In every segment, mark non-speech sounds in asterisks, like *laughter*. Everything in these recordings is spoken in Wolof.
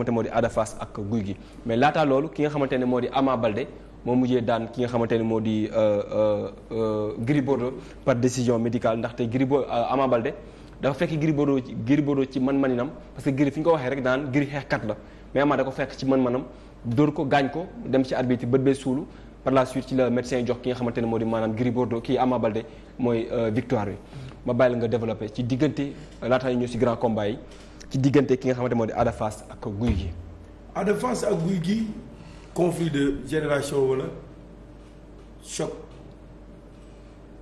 xamante moo di Ada Fass ak Guy gi mais laataa loolu ki nga xamante ne moo di Ama moo mujjee daan ki nga xamante ne moo di euh, euh, euh, Gris Bordeaux par décision médicale ndaxte Gris Bordeaux Ama Balde dafa fekk Gris Bordeaux Gris Bordeaux ci man-maninam parce que Gris fi ñu ko waxee rek daan Gris xeexkat la mais Ama da ko fekk ci man-manam dóor ko gaañ ko dem ci arbitre bët bee suulu par la suite ci la médecin jox ki nga xamante ne moo di maanaam Gris Bordeaux kii Ama Balde mooy victoire bi ma bàyyi la ci diggante ki nga xamante moo di Ada ak guy gi Ada ak Gouye Gui conflit de génération wala choc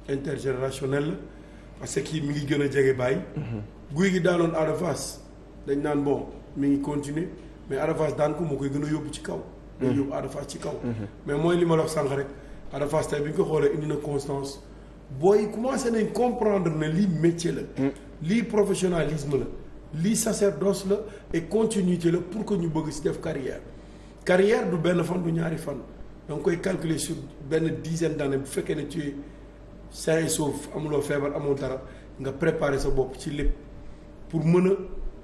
intergénérationnel la parce que mi ngi gën a jege bàyyi mhm. guy gi daaloon Ada dañ naan bon mi ngi continuer mais Ada Fass daan ko moo koy gën a yóbbu ci kaw mhm. day yóbbu Ada ci kaw mhm. mais mooy li ma la sànq rek Ada Fass bi ñu ko xoolee indi na constance booy commencé nañ comprendre ne lii métier la mm. lii professionnalisme la lii sacerdoce la et continuité la pour que ñu bëgg ci def carrière carrière du benn fan du ñaari fan da koy calculer sur benn dizaine d'années bu fekkee na ci sain et sauf amuloo feebar amul dara nga préparer sa bopp ci lépp pour mën a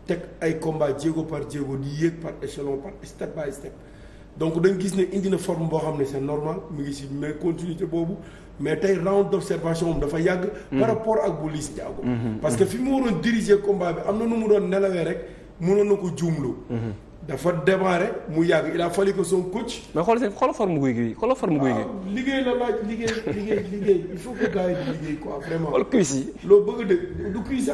teg ay combat jéego par jéego di yéeg par échelon par step by step donc dañ gis ne indi na forme boo xam ne c'est normal mu ngi si mais continuité boobu mais tey round d'observation moom dafa yàgg. Mm. par rapport ak bu Liss Ndiago. Mm-hmm, mm-hmm. parce que fi mu waroon diriger combat bi am na nu mu doon nelawee rek mënoon na ko juumlu. Mm-hmm. dafa démarré mu yàgg il a fallu coach. mais xool seen xoolal forme guy gi xoolal forme guy gi. liggéey la laaj liggéey liggéey liggéey il faut que gars yi liggéey quoi vraiment. xool cuisse loo bëgg de du cuisse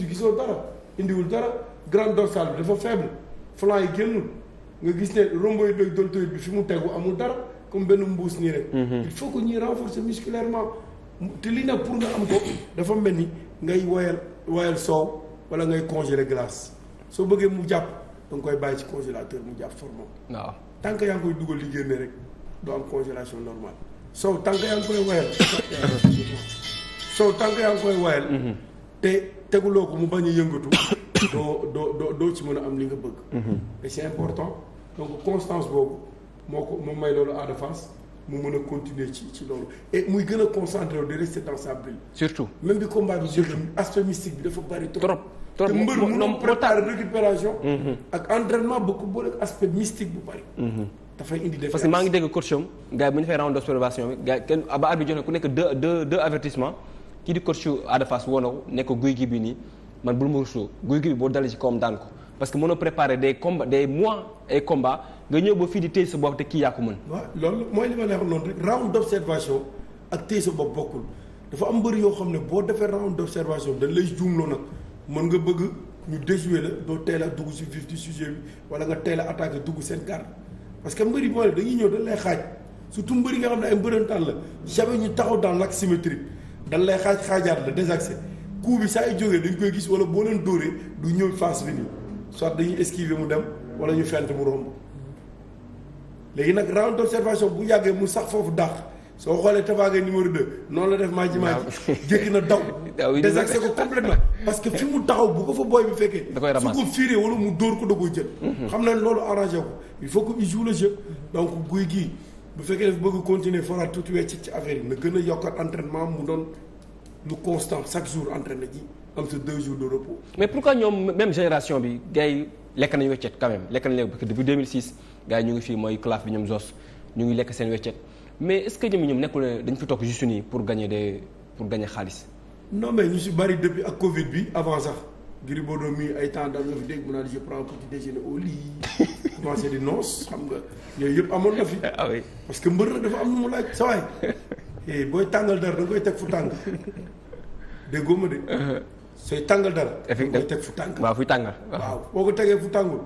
bi gisoo dara indiwul dara grande dorsale bi dafa flan yi génnul nga gis ne rhomboïde beeg deltoïde bi fi mu tegu amul dara comme benn mbuus nii rek. Mhm. il faut que ñuy renforcer musculairement te li nag pour nga am ko dafa mel ni ngay woyal woyal soow wala ngay congeler glace soo bëggee mu jàpp da koy bàyyi ci congélateur mu jàpp formant. waaw tant que yaa ngi koy dugal li génne rek doo am congélation normale soow tant que yaa ngi koy woyal. *laughs* soow tant que yaa ngi koy woyal. Mhm. te teguloo ko mu bañ a yëngatu. doo doo doo ci mën a am li nga bëgg. Mhm. et c'est important donc constance boobu moo ko moo may loolu Ada Fass mu mën a continuer ci ci loolu et muy gën a concentré wu de rester dans sa surtout même bi combat bi. surtout aspect mystique bi dafa bari trop. trop te mbër mu ngi préparer récupération. Mhm. ak entraînement bu ko boole ak aspect mystique bu bari. Mhm. dafay indi def parce que maa ngi dégg coach am gars yi bu ñu fay round d'observation bi gars kenn ah, ba arbitre bi joxe ku nekk deux deux deux kii di coach Ada Fass woo na ko guy bi nii. man bul ma rusloo guy gi boo dalee ci koom daan ko parce que mënoo préparer des combats des mois et combats nga ñëw ba fii di téye sa bopp te kii yaa ko mën. waaw loolu mooy li ma leen wax noonu rek round d' ak téye sa bopp bokkul dafa am mbër yoo xam ne boo defee round d' observation dañ lay juumloo nag mën nga bëgg ñu déjouer la doo teel a dugg si vif du bi wala nga teel a attaqué dugg seen garde parce que mbëri boole dañuy ñëw dañ lay xaaj surtout mbëri nga xam ne ay mbërëntaan la jamais ñu taxaw dans l'axe symétrique dañ lay xaaj xaajaat la désaxé coup bi saa yu jógee dañ koy gis wala boo leen dóoree du ñëw face bi nii soit dañuy esquiver mu dem wala ñu fent mu romb léegi nag round d'observation bu yàggee mu sax foofu dàq soo xoolee tabaage numéro 2 noonu la def maa ji maa ji jékki na daw *laughs* désaxé ko complètement parce que fi mu taxaw bu ko fa booy bu fekkee su ko fiiree wala mu dóor ko da koy jël mhm. xam na loolu arrangé ko il faut que il joue le guy gii bu fekkee daf bëgg continuer faraat tuuti wecc ci affaire yi na gën a yokkat entraînement mu doon lu constant chaque jour entraîné ji am sa deux jours de repos. mais pourquoi ñoom même génération bi gars yi lekk nañu weccet quand même lekk nañu lekk parce que depuis bi nii pour gagner des pour gagner xaalis. non mais ñu si bari depuis ak Covid bi avant sax. Gris Bordeaux mi ay temps daal nga fi dégg mu naan je prends petit déjeuner au lit *laughs* commencé di noos xam nga yooyu yëpp amoon na fi. ah oui parce que mbër la dafa am lu mu laaj sa *laughs* Eh, booy tàngal dara da nga teg fu tàng *laughs* déggoo ma de. Uh-huh. sooy tàngal dara. effectivement da teg fu tàng. waaw fuy tàngal waaw uh-huh. boo ko tegee fu tàngul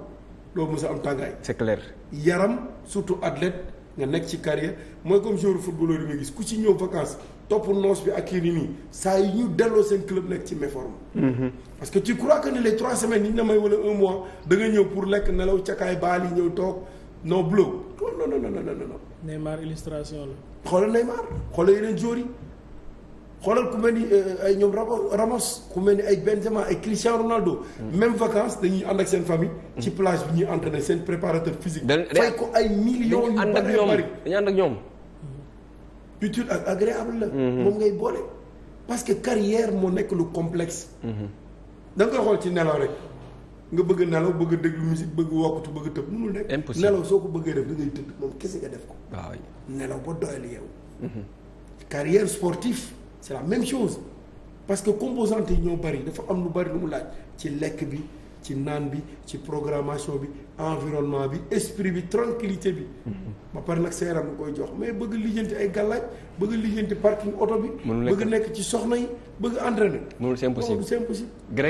doo mës a am tàngaay. c'est clair. yaram surtout athlète nga nekk ci carrière mooy comme joueur footballeur yi nga gis ku ci ñëw vacances topp noos bi ak kii nii nii saa yi ñu delloo seen club nekk ci méforme. Mm-hmm. parce que tu crois que ni les trois semaines yi ñu la may wala un mois da nga ñëw pour lekk nelaw cakaay baal yi ñëw toog non blow non non non non non. Neymar illustration la. xoolal Neymar xoolal yeneen joueurs xoolal ku mel ni euh, ay ñoom Ramos ku mel ni ay Benzema ay Cristiano Ronaldo. Hmm. même vacances dañuy ànd ak seen famille. ci hmm. plage bi ñuy entraîner seen préparateur physique. fay ko ay millions yu bari bari dañuy ànd ak ñoom hmm. utile ak agréable la. moom ngay boole. parce que carrière moo nekk lu complexe. da koy xool ci nelaw rek. nga bëgg nelaw bëgg a déglu musique bëgg wokkatu bëgg tëb mënul nekk. impossible nelaw soo ko bëggee def da ngay tëdd ko. nelaw ba doyal yow. Mhm. carrière sportive c'est la même chose parce que composantes yi ñoo bari dafa am lu bari lu mu laaj ci lekk bi ci naan bi ci programmation bi environnement bi esprit bi tranquillité bi. Mhm. ba pare nag sa yaram nga koy jox mais bëgg lijjanti ay gàllaaj bëgg lijjanti parking oto bi. bëgg nekk ci soxna yi bëgg entraîner. mënul c'est impossible c'est